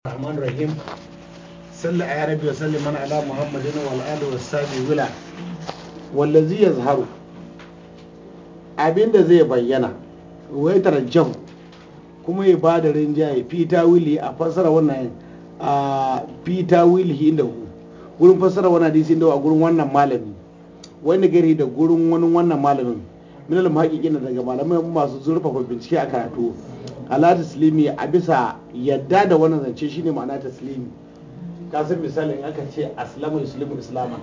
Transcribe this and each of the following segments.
الرحمن الرحيم صلى يا ربي وسلم من على محمد والآل والسابي ولا والذي يظهر abin da zai bayyana wai tarajjahu kuma ya ba da rinjaye fi tawili a fassara wannan a fi tawili inda ku. gurin fassara wannan hadisi inda a gurin wannan malami wani gari da gurin wani wannan malamin min al-muhaqqiqin daga malamai masu zurfafa bincike a karatu ala taslimi a bisa yadda da wannan zance shine ma'ana taslimi kasan misalin aka ce aslama yuslimu islama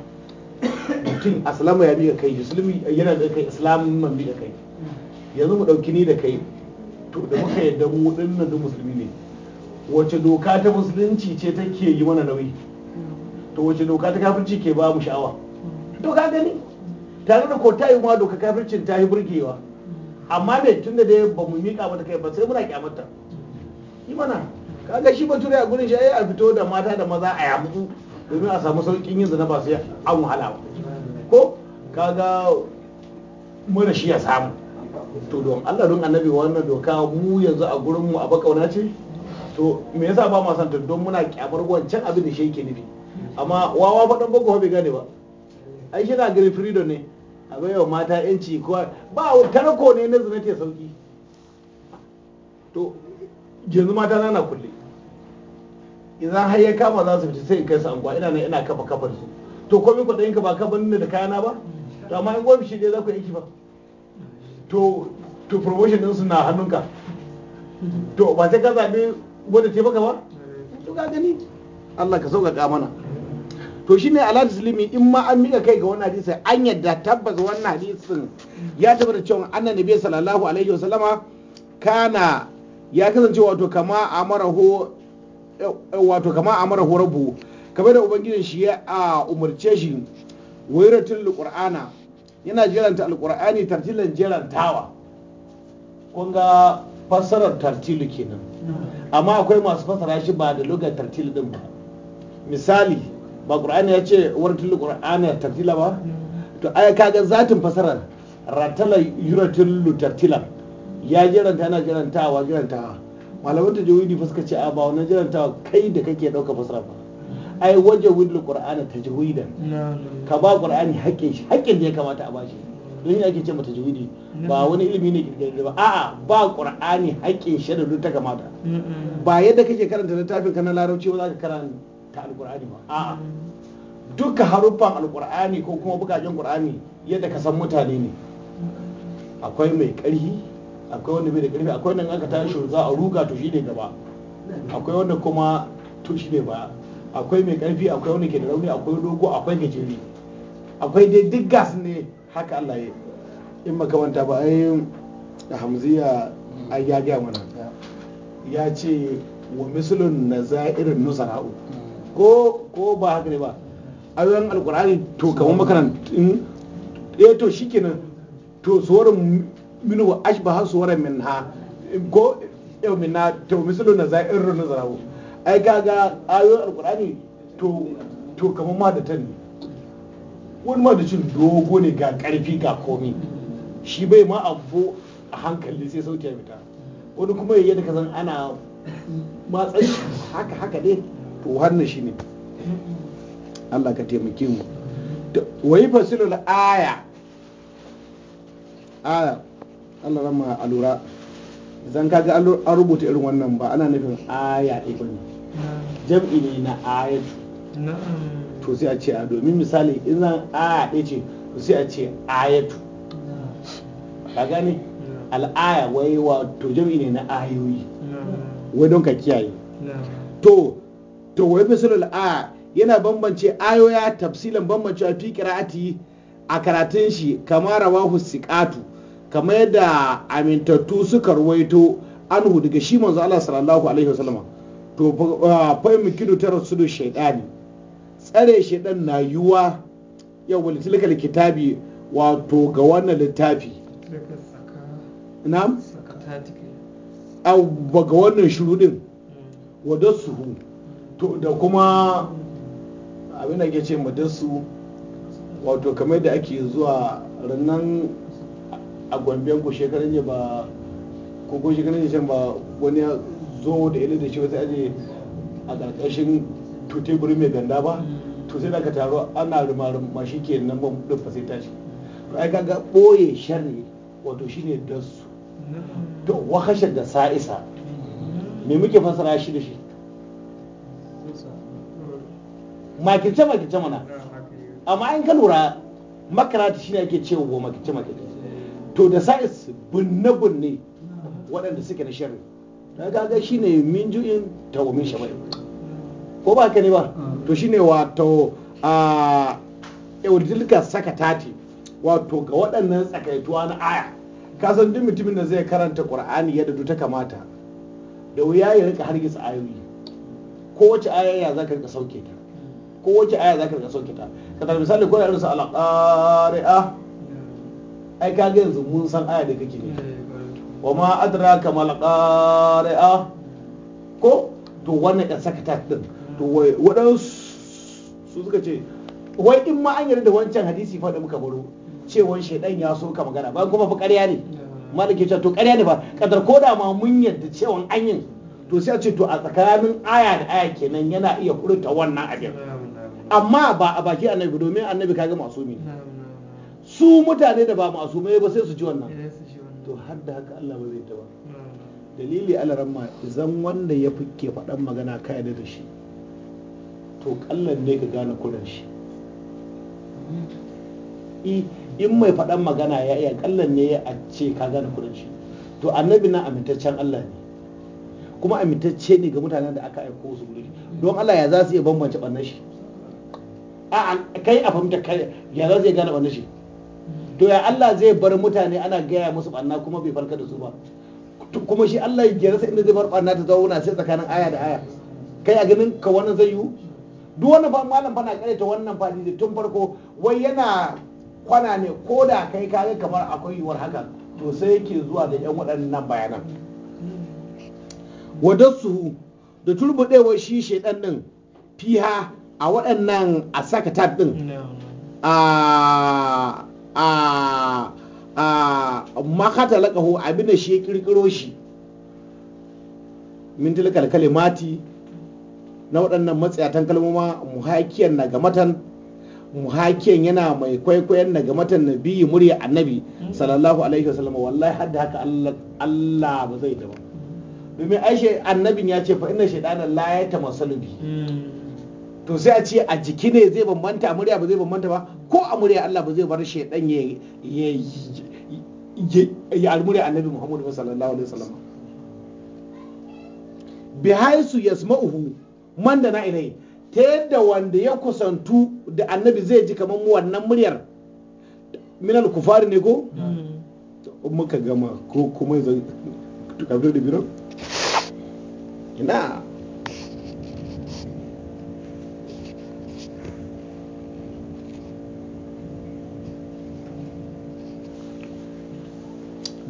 mutum aslama ya miƙa kai yuslimu yana da kai islamun miƙa kai yanzu mu ɗauki ni da kai to da muka yadda mu ɗin nan musulmi ne wace doka ta musulunci ce take yi mana nauyi to wace doka ta kafirci ke ba mu sha'awa to ka gani tare da ko ta yi ma doka kafircin ta yi burgewa amma dai da dai ba mu miƙa mata kai ba sai muna kyamata yi mana kaga shi bature a gurin shi eh, a fito da mata da maza a yamutsu domin a samu sauƙin yin zina ba sai an wahala ba ko kaga mana shi ya samu to don Allah don annabi wannan doka mu yanzu a gurin mu a bakauna ce to me yasa ba ma san don muna kyamar wancan abin da shi yake nufi amma wawa faɗan boko bai gane ba ai shi na gari freedom ne a yau mata yanci ko ba tarko ne na zina ta sauki to yanzu mata na na kulle idan har ya kama za su fita sai in kai su anguwa ina ina kafa kafar su to komai kuɗin ka ba kafan ne da kayana ba to amma in gwamnati ne za ku yi ba to to promotion din su na hannunka to ba sai ka zaɓi wanda taimaka ba to ga gani Allah ka sauƙaƙa mana to ne alal muslimi in ma an mika kai ga wannan hadisi an yadda tabbas wannan hadisin ya tabbata cewa nabi sallallahu alaihi wasallama kana ya kasance wato kama amarahu eh, wato kama amarahu kamar da ubangijin shi ya a umarce shi wairatul qur'ana yana jeranta alqur'ani tartilan jerantawa kun ga fassarar tartilu kenan amma akwai masu fassara shi ba da lugar tartilu din ba misali ba qur'ani ya ce wartil qur'ana tartila ba to ai kaga zatin fasarar ratala yuratil tartila ya jiranta yana jirantawa jirantawa malamin ta jawidi fa suka ce a ba wannan jirantawa kai da kake ɗauka fasara ba ai waje widul ta tajwidan ka ba qur'ani haƙƙin shi haƙƙin da ya kamata a bashi don shi ake ce mata jawidi ba wani ilimi ne kirkirkir ba a'a ba qur'ani haƙƙin shi da ta kamata mm, mm, mm. ba yadda kake karanta littafin ka na larabci ba za ka karanta ta alkur'ani ba a'a duka haruffan alkur'ani ko kuma bukajen qur'ani yadda ka san mutane ne akwai mai karhi akwai wanda bai da karfi akwai wanda aka tashi za a ruga to shi ne gaba akwai wanda kuma to shi ne baya akwai mai karfi akwai wanda ke da rauni akwai dogo akwai gajeri akwai dai duk gas ne haka Allah ya in makamanta ba ai da hamziya ai ya ga mana ya ce wa mislun nazair nusara'u ko ko ba haka ne ba a yawan alkur'ani to kamar in ya to kenan to tsoron minu wa ba ashbaha wara min ha ko yau eh, min na to misalu na irin na zarawo ai kaga ayoyin alkur'ani to to kamar ma da tan wani ma da cin dogo ne ga karfi ga komi shi bai ma abu a hankali sai sauke mita fita wani kuma yadda ka san ana matsayi haka haka ne to wannan ne Allah ka taimake mu wai fasilul aya aya Allah rama alura zan kaga an rubuta irin wannan ba ana nufin aya ɗaya ne jam'i ne na ayatu to sai a ce a domin misali in zan aya ɗaya ce to sai a ce ayatu ka gane al'aya wai wato jam'i ne na ayoyi wai don ka kiyaye to to wai fasalul a yana bambance ayoya tafsilan a fi qira'ati a karatun shi kama rawahu siqatu kamar yadda amintattu suka ruwaito anhu daga shi manzo Allah sallallahu alaihi wasallam to fa mikidu tarasudu shaytani tsare shaytan na yuwa yau wani tilkal kitabi wato ga wannan littafi na'am au ga wannan shurudin mm. wadassuhu to da kuma abin da ke ce madarsu wato kamar da ake zuwa rannan a gwamben ku shekarun ba ko shekarun can ba wani ya zo da ilil da shi wata aje a ƙarƙashin tuteburi mai ganda ba to sai da taro ana rumarin shi ke nan ba ɗin fasai tashi ai kaga ɓoye sharri wato shi don dasu to wakashar da sa'isa me muke fasara shi da shi makirce makirce mana amma in ka lura makarata shine ake cewa wa makirce makirce to da sa'is binne binne waɗanda suke na sharri ta gaga shine min ju'in ta wa min shabai ko ba ka ne ba to shine wato a yawardilka eh, saka tati wato ga waɗannan tsakaituwa na aya ka san duk mutumin da zai karanta qur'ani yadda ta kamata da wuya ya rika hargitsa ayoyi wace aya ya zaka rika sauke ta ko wace aya zaka ka son kita. ka ta misali ko irin su alaƙari'a, ai ka ga yanzu mun san aya da kake ne eh, wa ma adraka mal qari'a ko to wannan ɗan saka ta din to hmm. waɗansu suka ce wai in ma an yarda da wancan hadisi fa da muka baro cewon shaidan ya so ka magana ba kuma fa ƙarya ne hmm. ke cewa to ƙarya ne ba kadar ko da ma mun yarda cewon an yin to sai a ce to a tsakanin aya da aya kenan yana iya furta wannan abin amma ba a baki annabi ba domin annabi kaga masumi su mutane da ba masumai ba sai su ji wannan to har da haka Allah ba zai ta ba dalili alaramma idan wanda ya fike faɗan magana ka yarda da shi to kallan ne ka gane kuran shi in mai faɗan magana ya iya kallan ne a ce ka gane kuran shi to annabi na amintaccen Allah ne kuma amintacce ne ga mutanen da aka aiko su don Allah ya za su iya bambance bannan shi A'a kai a fahimta kai ya za zai gane wannan shi to ya Allah zai bar mutane ana gaya musu banna kuma bai farka da su ba kuma shi Allah ya rasa inda zai bar banna ta zauna sai tsakanin aya da aya kai a ganin ka wannan zai yi duk wannan ba malam fa na ta wannan da tun farko wai yana kwana ne ko da kai ga kamar akwai yiwuwar haka to sai yake zuwa da yan waɗannan bayanan Wadassu da turbuɗewar shi shaidan fiha a waɗannan a saka tab ɗin a a a makata laƙaho abinda shi ya ƙirƙiro shi min kalkale mati na waɗannan matsayatan kalmoma muhakiyan na gamatan muhakiyan yana mai kwaikwayon na gamatan biyu murya annabi mm. sallallahu alaihi wasallam wallahi hadda haka Allah ba zai da ba domin aishe annabin ya ce fa inna shaytana la yatamassalu bi mm. to sai a ce a jiki ne zai bambanta a murya ba zai bambanta ba ko a murya Allah ba zai bar shaidan ya ya almurya annabi Muhammad sallallahu alaihi wasallam bi haisu yasma'uhu man da na ilai ta yadda wanda ya kusantu da annabi zai ji kamar wannan muryar minal kufari ne ko hmm. muka gama ko kuma zai kabdo da biro ina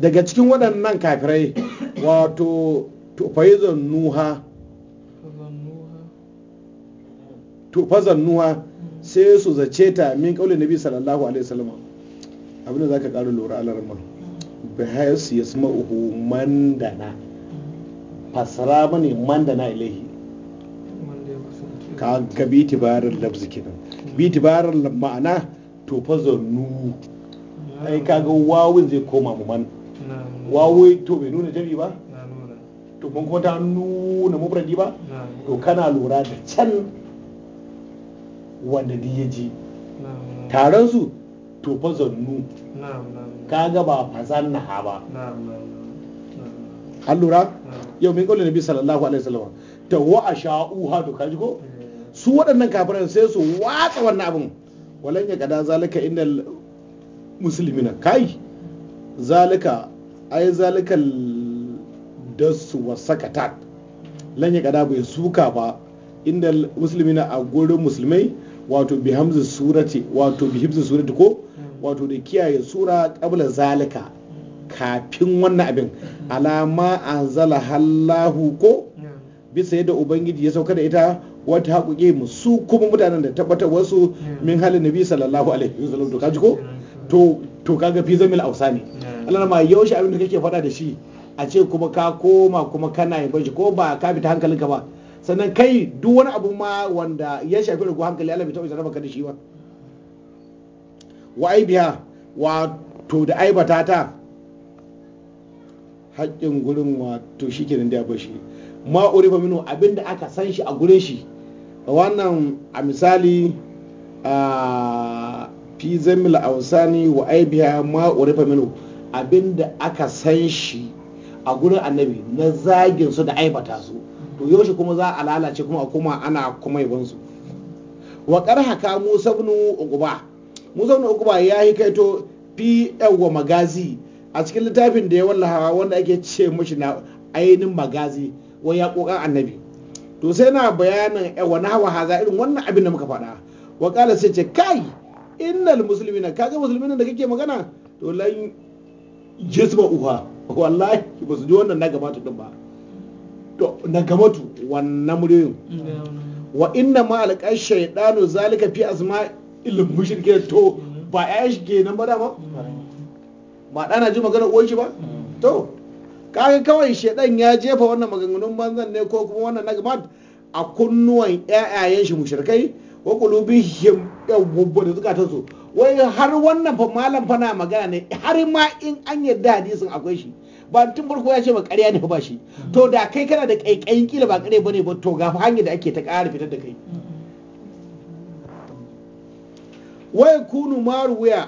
daga cikin waɗannan kafirai wato tufazan nuha tufazan nuha sai su zace ta min kaulin nabi sallallahu alaihi wasallam abin da zaka ƙara lura alarma suma yasma'uhu mandana fasara bane mandana ilahi ka ga bitibarin labzi kenan tibarar ma'ana tufazan nu ai kaga wawun zai koma mu man wawai to bai nuna jami ba to kun kuma ta nuna mubradi ba to kana lura da can wanda di ya ji taron su to fa zannu ga ba fa ha ba an lura yau min na nabi sallallahu alaihi wasallam ta wa ha to kaji ko eh. su waɗannan kafiran sai su watsa wannan abin walan ya kada zalika innal muslimina kai zalika ai zalikal dasu su sakatat lan ya kada bai suka ba inda musulmina a gurin musulmai wato bi hamza surati wato bi hibza surati ko wato da kiyaye sura qabla zalika kafin wannan abin alama anzala hallahu ko bisa yadda ubangiji ya sauka da ita wata haƙuƙe mu su kuma mutanen da tabbatar wasu min halin nabi sallallahu alaihi wasallam to kaji ko to to kaga fi zamil ausa ne Allah ma yaushe abin da kake faɗa da shi a ce kuma ka koma kuma kana yaban shi ko ba ka fita hankalinka ba sannan kai duk wani abu ma wanda ya shafi rago hankali Allah bai taɓa jarraba ka da shi ba wa aibiya wato da aibata ta haƙƙin gurin wato shi kenan da ya shi ma urifa minu abinda aka san shi a gurin shi wannan a misali a fi a wasani wa aibiya ma urifa minu abinda aka san shi a gurin annabi na zagin su da aibata su to yaushe kuma za a lalace kuma a kuma ana kuma yabon su wa haka musa ibn uquba musa ibn uquba ya yi kaito fi wa magazi a cikin littafin da ya wallafa wanda ake ce mashi na ainihin magazi wa ya kokan annabi to sai na bayanin wa hawa haza irin wannan abin da muka faɗa wa sai ce kai innal muslimina kaga musulmin da kake magana to lan jisma uha wallahi ba su ji wannan na gamatu din ba to na gamatu wannan muryoyin wa inna ma alƙar shaidanu zalika fi azma ilin mushrike to ba ya shi nan ba dama ba ɗana ji magana uwan shi ba to kaga kawai shaidan ya jefa wannan maganganun banzan ne ko kuma wannan na gamatu a kunnuwan ƴaƴayen shi mushrikai wa qulubihim yawwa da zukatan su wai har wannan fa malam na magana ne har ma in an yarda hadisin akwai shi ba tun farko ya ce ba karya ne ba shi to da kai kana da ƙaiƙayin kila ba ƙarya bane ba to ga hanyar da ake ta ƙara fitar da kai wai kunu maru wuya.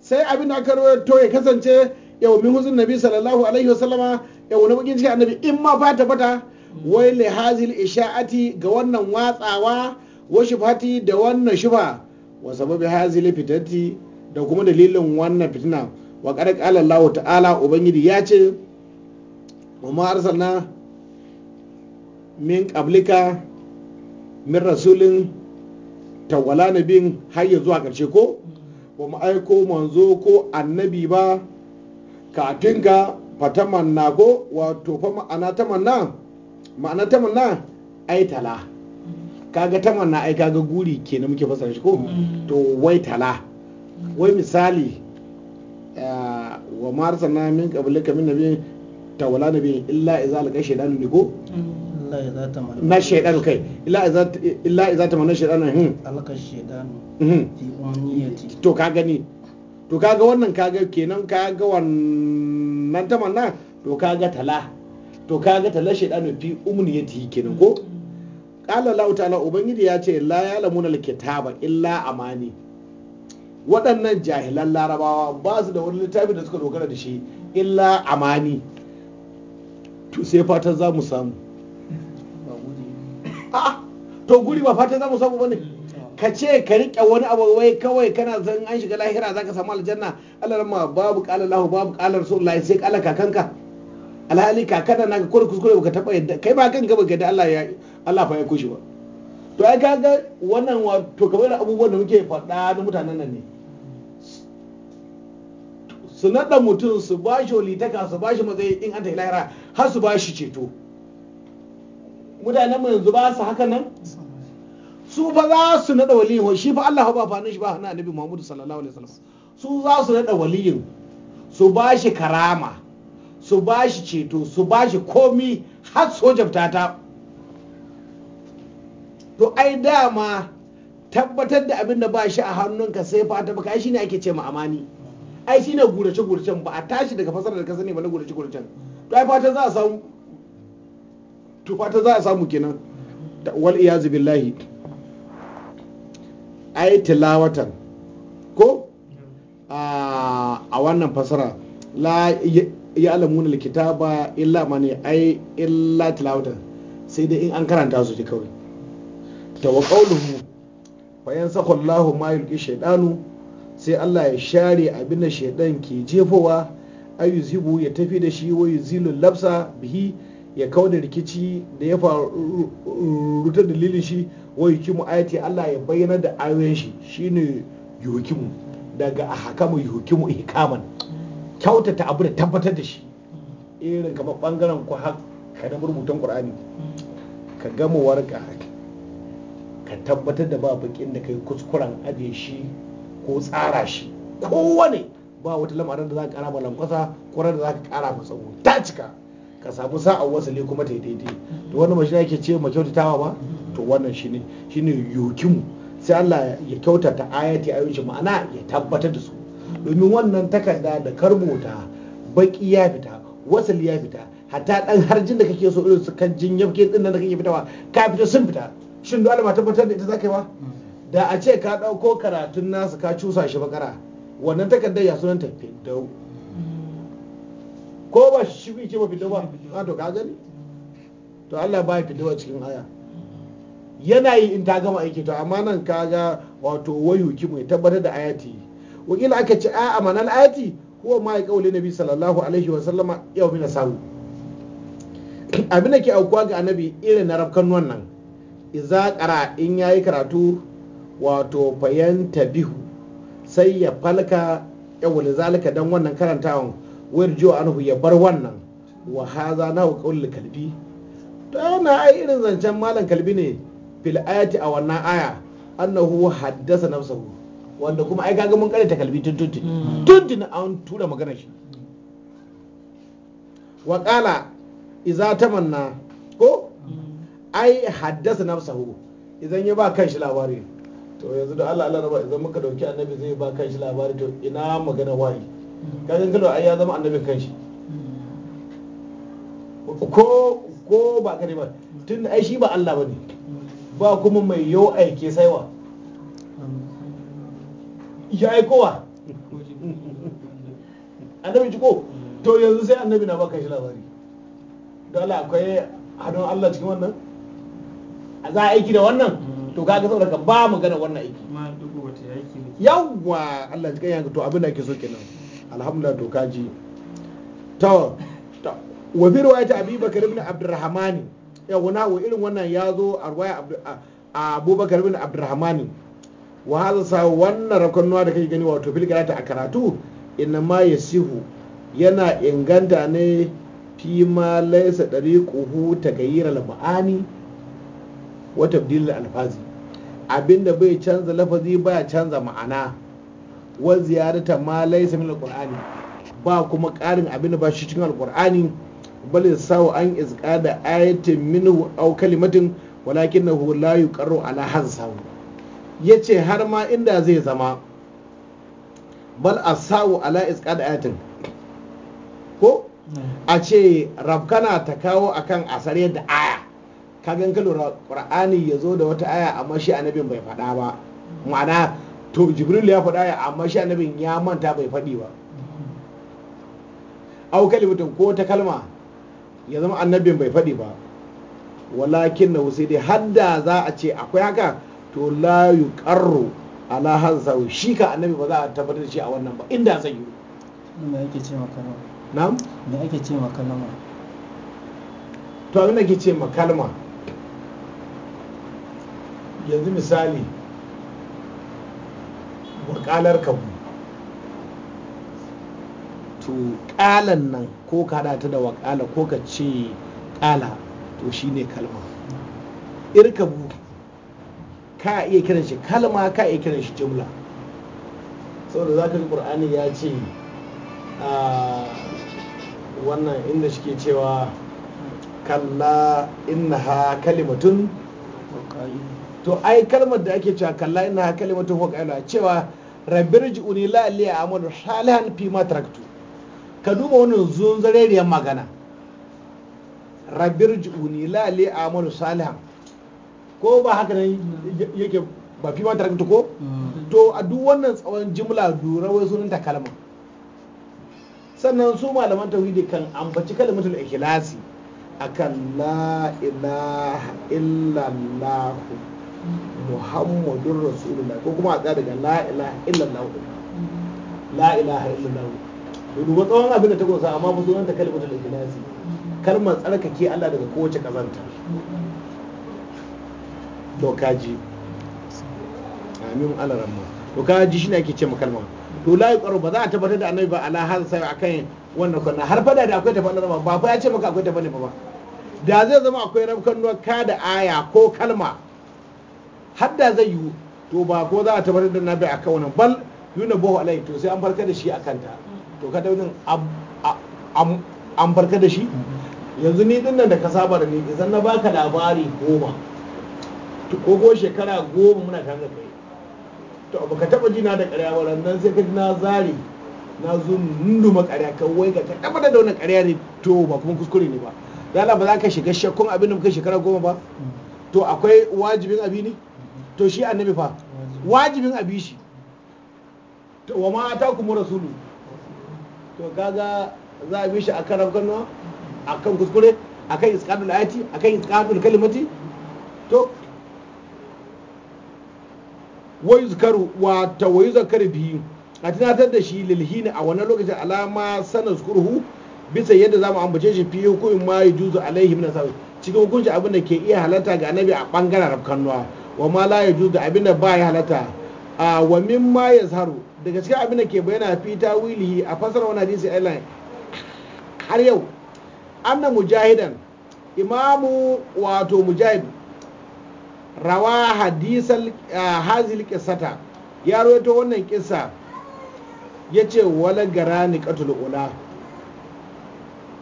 sai abin da aka to ya kasance yau min huzun nabi sallallahu alaihi wasallama yau na bakin cikin annabi in ma fata bata wai lihazil isha'ati ga wannan watsawa wasu Fati da wannan shuba, wa sababi hazi lafitatti da kuma dalilin wannan fitina wa qad Allah ta'ala ubangiji ya ce wa ma arsalna min qablika min rasulin tawala nabin har zuwa karshe ko ba mu aiko manzo ko annabi ba kafin ga fatamanna ko wato fa ma'ana ta manna ma'ana ta manna ai tala kaga ta wannan ai kaga guri ke na muke fasara shi ko to wai tala wai misali eh, wa marsa na min kabila kamin nabi tawala nabi illa iza alka shaytanu ne ko na shaytan kai illa iza illa iza tamanna shaytanu hmm alqa shaytanu hmm. fi to ka gani to kaga wannan kaga kenan kaga wannan tamanna to kaga tala to kaga tala shaytanu fi umniyati kenan ko hmm. qala Allah ta'ala ubangiji ya ce la ya ya'lamuna alkitaba illa amani waɗannan jahilan larabawa ba su da wani littafi da suka dogara da shi illa amani to sai fatan za mu samu a to guri ba fatan za mu samu bane ka ce ka riƙe wani abu wai kawai kana zan an shiga lahira za ka samu aljanna Allah ma babu ƙala lahu babu qala Rasulullahi sai qala kakanka alhali kakan na ka kuskure ba ka taɓa yadda kai ba kan gaba ga Allah ya Allah fa ya kushe ba to ai kaga wannan wato kamar abubuwan da muke faɗa na mutanen nan ne su naɗa mutum su ba shi walitaka su ba shi matsayi in an tafi lahira har su ba shi ceto mutanen mu yanzu ba su haka nan su fa za su naɗa waliyin shi fa Allah ba fanin shi ba hannun annabi Muhammadu sallallahu alaihi wasallam su za su naɗa waliyin su ba shi karama su ba shi ceto su ba shi komi har sojabta ta to ai dama tabbatar da abin da ba shi a hannunka sai fata baka ai shine ake ce ma amani ai shine gurace guracen ba a tashi daga fasarar da ka sani ba na gurace guracen to ai fata za a samu to fata za a samu kenan wal iyaz billahi ai tilawatan ko a wannan fasara la ya alamuna likita ba illa mani ai illa tilawatan sai dai in an karanta su ji kawai ta wa ƙaunuhu bayan sakon Allahu shaidanu sai Allah ya share abin da shaidan ke jefowa ayu zibu ya tafi da shi wa labsa bihi ya kau da rikici da ya faru ta dalilin shi wa yukimu ayati Allah ya bayyana da ayoyin shi shine yukimu daga a haka ahkamu yukimu ihkaman kyautata abu da tabbatar da shi irin kamar bangaren ku haka na murmutan qur'ani ka gama warka ka tabbatar da ba bakin da kai kuskuren ajiye shi ko tsara shi kowane ba wata lamarin da za ka kara ma lankwasa kwarar da za ka kara ma tsawo ta cika ka samu sa'a wasale kuma ta daidai to wannan mashi ake ce ma kyautatawa ba to wannan shine shine yokimu sai Allah ya kyautata ayati ayoyin ma'ana ya tabbatar da su domin wannan takarda da karbota baki ya fita wasali ya fita hatta dan harjin da kake so irin su kan jin yabke din da kake fitawa ka fita sun fita shin dole ba tabbatar da ita ka yi ba hmm. da a ce ka ɗauko karatun nasu ka cusa shi bakara wannan takardar ya sunan ta Fiddau. Hmm. ko ba shi shi ce ba Fiddau ba ka ah, to ka gani to Allah ba ya fito a cikin aya hmm. yana yi in ta gama aiki to amma nan kaga wato wayu ki mai tabbatar da ayati ila aka ce a amanan ayati huwa ma ya kauli nabi sallallahu alaihi wa sallama yau mina samu abin da ke aukuwa ga annabi irin na rafkan wannan iza ƙara in ya yi karatu wato fayanta bihu sai ya falka yawon zalika don wannan karantawan wayar jiwa anhu ya bar wannan wa haza na kaulul kalbi to na ai irin zancen malam kalbi ne fil ayati a wannan aya annahu haddasa nafsahu wanda kuma ai kaga mun karanta kalbi tun tun mm. tun an tura magana shi wa qala iza tamanna ko ai haddasa sahu idan ya ba kan shi labari to yanzu da Allah Allah raba idan muka dauki annabi zai ba kan shi labari to ina magana wani kajin kalo ai ya zama annabin kan shi ko ko ba kare ba tun ai shi ba Allah bane ba kuma mai yau aike saiwa ya aikowa annabi ji ko to yanzu sai annabi na ba kan shi labari da Allah akwai hadon Allah cikin wannan A za a aiki da wannan to ga saboda ka ba magana wannan aiki yawwa Allah ji kanya to abin da ke so kenan alhamdulillah to kaji to wa bi riwayati Abi Bakar ibn Abdurrahman yawa wa irin wannan ya zo a riwaya Abubakar ibn Abdurrahman wa hal sa wannan rakonnuwa da kake gani wato fil karatu a karatu inna ma yasihu yana inganta ne fi ma laysa dariquhu tagayyir al-ma'ani wa tabdilul alfazi abinda bai canza lafazi baya canza ma'ana wa ziyarata ma laysa min alqur'ani ba kuma ƙarin abinda ba shi cikin alqur'ani bal sawa an izqada da ayatin minhu aw kalimatin walakinahu la yuqarru ala hazsahu yace har ma inda zai zama bal asawu ala izqada da ayatin ko hmm. a ce rabkana ta kawo akan asar yadda aya Ka gan ka lura qur'ani ya zo da wata aya amma shi annabin bai faɗa ba ma'ana to jibril ya faɗa aya amma shi annabin ya manta bai faɗi ba au kalimatan ko ta kalma ya zama annabin bai faɗi ba walakin na sai dai hadda za a ce akwai haka to la yuqarru ala hansa shi ka annabi ba za a tabbatar da shi a wannan ba inda zai yi me ake ce makalma na'am me ce makalma to abin da ke ce makalma yanzu misali wakalar kabu to kalan nan ko ka ta da wakala ko ka ce kala to shi ne kalma irkabu ka iya kiran shi kalma ka iya kiran shi jumla saboda za ka ji ƙur'ani ya ce ah, wannan inda shi ke cewa kalla innaha kalimatun to ai kalmar da ake cewa kalla ina kalimatu huwa qailuha cewa rabbir ji'uni la li amal salihan fi ma taraktu ka duba wannan zunzareriyar magana rabbir ji'uni la li amal salihan ko ba haka ne yake ba fi ma taraktu ko mm. to a duk wannan tsawon jimla dura wai sunan ta kalma sannan su malaman tauhidi kan ambaci kalmatul ikhlasi akan la ilaha illallah muhammadun rasulullah ko kuma a tsaya daga la ilaha illallah la ilaha illallah to duba tsawon abin da ta gosa amma fa sunanta kalmatul ikhlasi kalmar tsarkake Allah daga kowace kazanta to kaji amin alaramma to kaji shine ake ce kalma to la yuqaru ba za a tabbatar da annabi ba ala hada sai akan wannan kwana. har fada da akwai tafannin ba ba ya ce maka akwai tafannin ba da zai zama akwai rabkan ka da aya ko kalma hadda zai yiwu to ba ko za a tabar da nabi akan wannan bal yuna bohu alai to sai an barka da shi a kanta. to ka daunin an barka da shi yanzu ni din nan da ka saba da ni idan na baka labari goma ko ko shekara goma muna tare da kai to baka taba jina da ƙarya ba nan sai ka ji na zare na zo nunduma ƙarya Kawai wai ga ka tabbatar da wannan ƙarya ne to ba kuma kuskure ne ba dala ba za ka shiga shakkun abin da muka shekara goma ba to akwai wajibin abi ne to shi annabi fa wajibin abi shi to wa ma ta kuma rasulu to kaga za a bi shi akan rafkan akan kuskure akan isqadul ayati akan isqadul kalimati to wai Zakaru, wata wai zakar biyu a tunatar da shi lilhini a wannan lokacin alama sanar kurhu bisa yadda za mu ambace shi fiye hukumin ma ya juzu alaihi min cikin hukunci abin da ke iya halarta ga annabi a bangaren rafkan wa ma la ya da abin da ba ya halatta a wa ya yazharu daga cikin abin da ke bayyana fi wilihi a fasar wani hadisi airline har yau Annan mujahidan imamu wato mujahid rawa hadisal hazil kisata ya rawaito wannan ya yace wala ni katul ula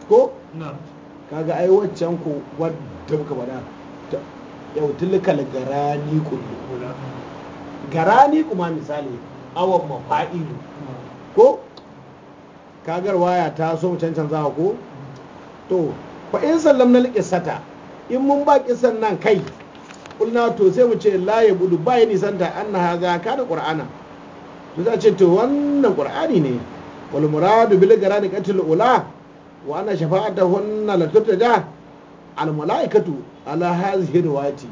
ko kaga ai waccan ku wadda muka bada yau tilkal garani kullu garani kuma misali awon mafa'ilu ko kagar waya ta so mu za ko to fa in na qissata in mun ba kissan nan kai kulna to sai mu ce la ya budu ba ya nisanta anna haga ka da qur'ana to za ce to wannan qur'ani ne wal muradu bil garani qatil ula wa ana shafa'atuhunna la tutaja almala'ikatu ala hazihi riwayati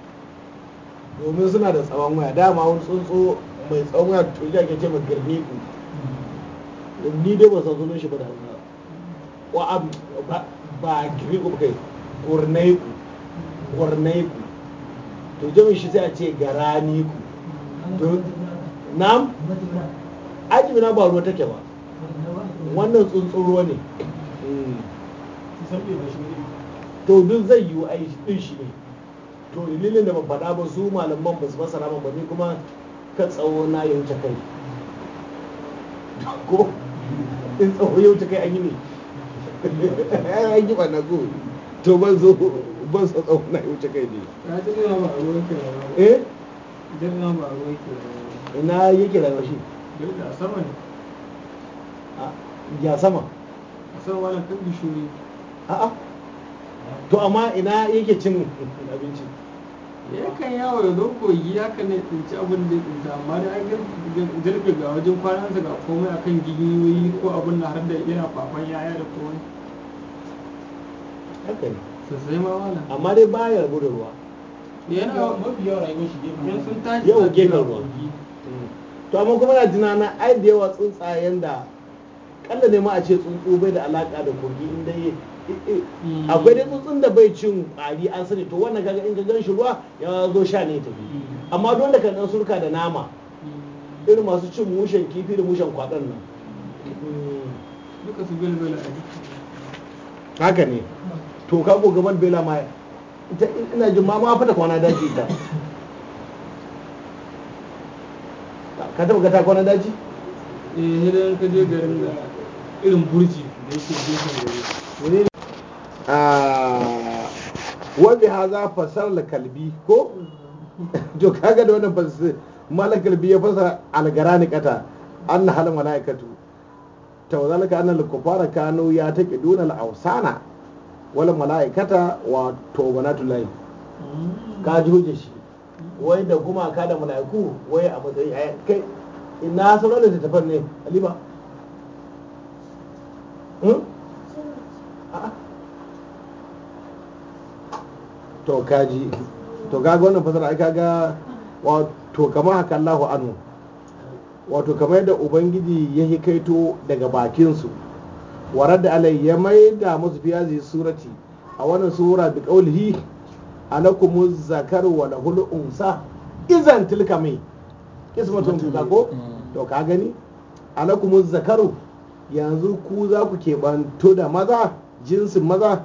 domin suna da tsawon waya dama wani tsuntsu mai tsawon waya to ya ke ce ma ku ni dai ba san sunan shi ba da hausa wa ba girniku ku kai gurnaiku ku to jami shi sai a ce garaniku to nam ajimina ba ruwa take ba wannan tsuntsu ruwa ne hmm. to zai yi aiki ɗin shi ne to ne da ban faɗa ba su malaman ba su masana ba ne kuma kan tsawo na ya wuce kai ko in tsawo ya wuce kai an yi ne an yi ba na go to ban zo ban sa tsawo na ya wuce kai ne ka ji eh? na ba kira na ba shi sama ne ya sama a sama wani kan bishiyoyi a'a to amma ina yake cin abinci yakan yawo da don kogi kan ne tsinci abin da tsinci amma da jirgin ga wajen kwanansa ga komai akan gigiyoyi ko abin da har da yana fafan yaya da komai haka ne ma wala amma dai ba rabu da ruwa yana mafi yawan rayuwar shi gefen sun tashi yau gefen ruwa to amma kuma na jina na ai da yawa tsuntsayen da kalla ne ma a ce tsuntsu bai da alaka da kogi in dai Mm. akwai dai tsuntsun da bai cin kwari an sani to wannan kaga in ka gan shi ruwa ya zo sha ne tafi mm. amma don da kan ɗan surka da nama mm. irin masu cin mushen kifi da mushen kwaɗon nan haka ne to ka ko gaban bela ma ita ina jin ma ma fata kwana daji ita ka taɓa gata kwana daji eh ne ka je garin da irin burji da yake gefen gari wani haza fasar da kalbi ko to kaga da wannan fasar malar kalbi ya fasa algara ni kata an na halin mala'ikatu ta wazalika annal kufara kano ya take dunal ausana wani mala'ikata wa tobanatul lahi ka ji shi wai da kuma ka da mala'iku wai a matsayi kai ina sauran da tafan ne aliba Tokaji, to kaga wannan fasara ai ga wato kamar haka Allahu anhu wato kamar yadda ubangiji ya hikaito daga bakinsu warar da alai ya mai da musu fiya zai surati a wannan sura bi kaulihi alakumu zakar wa lahul unsa izan tilka mai kismatun tuka ko mm. to ka gani alakumu zakaru yanzu ku za ku keɓanto da maza jinsin maza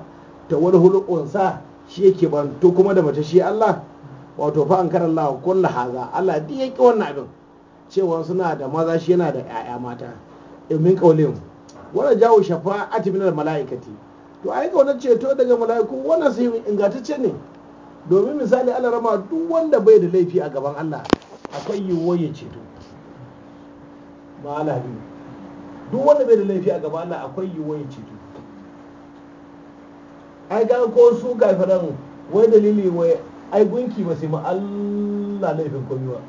ta wani hulunsa shi yake to kuma da mace shi Allah wato fa an Allah kullu haza Allah duk yake wannan abin cewa suna da maza shi yana da 'ya'ya mata min qaulin wannan jawo shafa'ati min malaikati to ai ce ceto daga mala'iku wannan sai ingantacce ne domin misali Allah rama duk wanda bai da laifi a gaban Allah akwai yiwuwar ya ceto malami duk wanda bai da laifi a gaban Allah akwai yiwuwar ya ceto ai ga ko su kafiran wai dalili wai ai gunki ba sai ma Allah laifin komai ba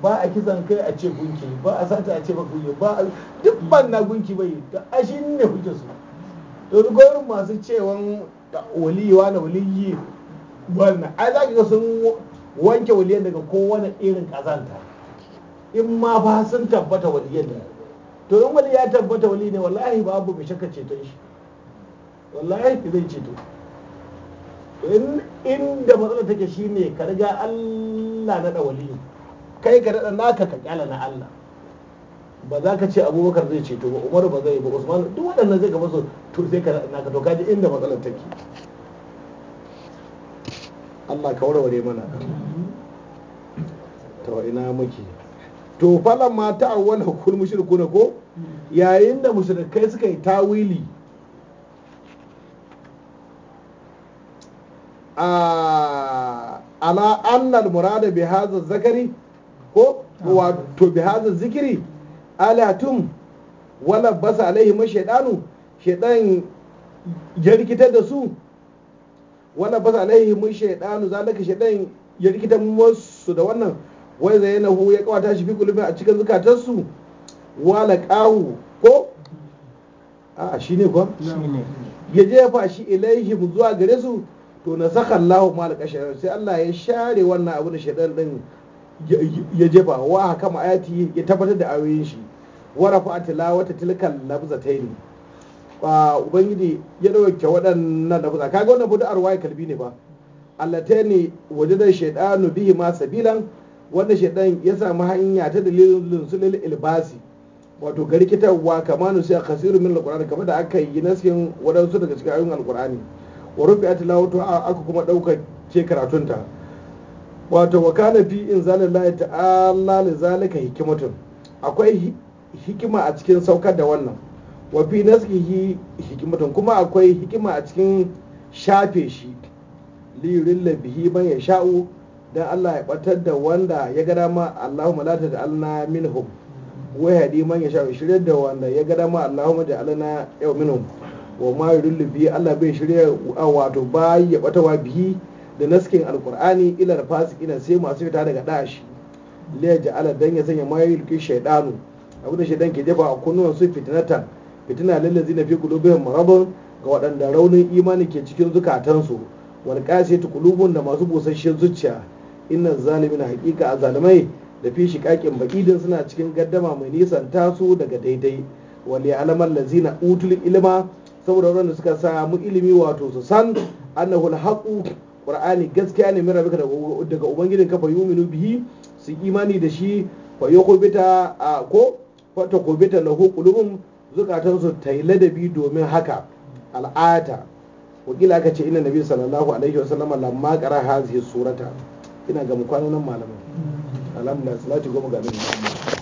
ba a kisan kai a ce gunki ba a sata a ce ba gunki ba duk ban na gunki bai da ashin ne kuke su to duk masu cewan waliwa na waliyi wannan ai za ki ga sun wanke waliyan daga kowane irin kazanta in ma fa sun tabbata waliyan da to in wali ya tabbata wali ne wallahi babu mai shakka ceton shi wallahi ki zai ceto inda matsalar take ne ka riga Allah na ɗawali kai ka daɗa naka ka ƙyala na Allah ba za ka ce abubakar zai ceto ba umar ba zai ba usman duk waɗannan zai gaba su to sai ka naka to kaji inda matsalar take Allah ka warware mana to ina muke to falan ma ta'awwal hukul mushrikuna ko yayin da mushrikai suka yi tawili ala annal murada bi hadha zakari ko wato bi hadha zikri alatum wala basa alaihi mashaidanu shaidan ya rikitar da su wala basa alaihi mashaidanu zalika shaidan ya rikitar musu da wannan wai hu ya kawata shi fi kulubin a cikin su wala qahu ko a shine ko shine ya jefa shi ilaihim zuwa gare su to na saka lahu ma sai Allah ya share wannan abu da shaidan din ya jefa wa haka ma'ayati ya tabbatar da ayoyin shi wa rafa'a tilawata tilkal ne ba ubangiji ya dauke waɗannan nabza kaga wannan budu ya kalbi ne ba allataini wajada shaidanu bihi ma sabilan wanda shaidan ya sami hanya ta dalilin lunsulil ilbasi wato kamar kamanu sai khasiru min alqur'ani kamar da aka yi nasin wadansu daga cikin ayoyin alqur'ani wa rufi'at lawato aka kuma ɗaukar ce karatunta wato wa kana fi inzalin ta ta'ala li zalika hikimatun akwai hikima a cikin saukar da wannan wa fi naskihi hikimatun kuma akwai hikima a cikin shafe shi lirin labihi man ya sha'u dan Allah ya batar da wanda ya ga dama Allahumma la taj'alna minhum wa yahdi man ya sha'u shirye da wanda ya ga dama Allahumma ja'alna yau minhum wa ma yudillu biyu Allah bai shirya wato bayi ya batawa bihi da naskin alkur'ani ila fasikina sai masu fita daga dashi la ja'ala dan ya sanya mai yulki shaidanu abinda shaidan ke jefa a kunnuwan su fitinata fitina lillazina fi qulubihim marabin ga waɗanda raunin imani ke cikin zukatansu wal qasiyatu kulubun da masu busasshen zuciya inna hakika a zalimai da fi shiqaqin baƙidin suna cikin gaddama mai nisan tasu daga daidai wal alamar lazina utul ilima. saboda waɗanda suka samu ilimi wato su san annahu alhaqu qur'ani gaskiya ne mira rabbika daga ubangijin ka fa yu'minu bihi su imani da shi fa yakubita ko fa taqbita lahu qulubum zukatan su da ladabi domin haka al'ata kila aka ce inna nabi sallallahu alaihi wasallam lamma qara hazihi surata ina ga mu nan malamin alhamdulillah salatu goma ga nabi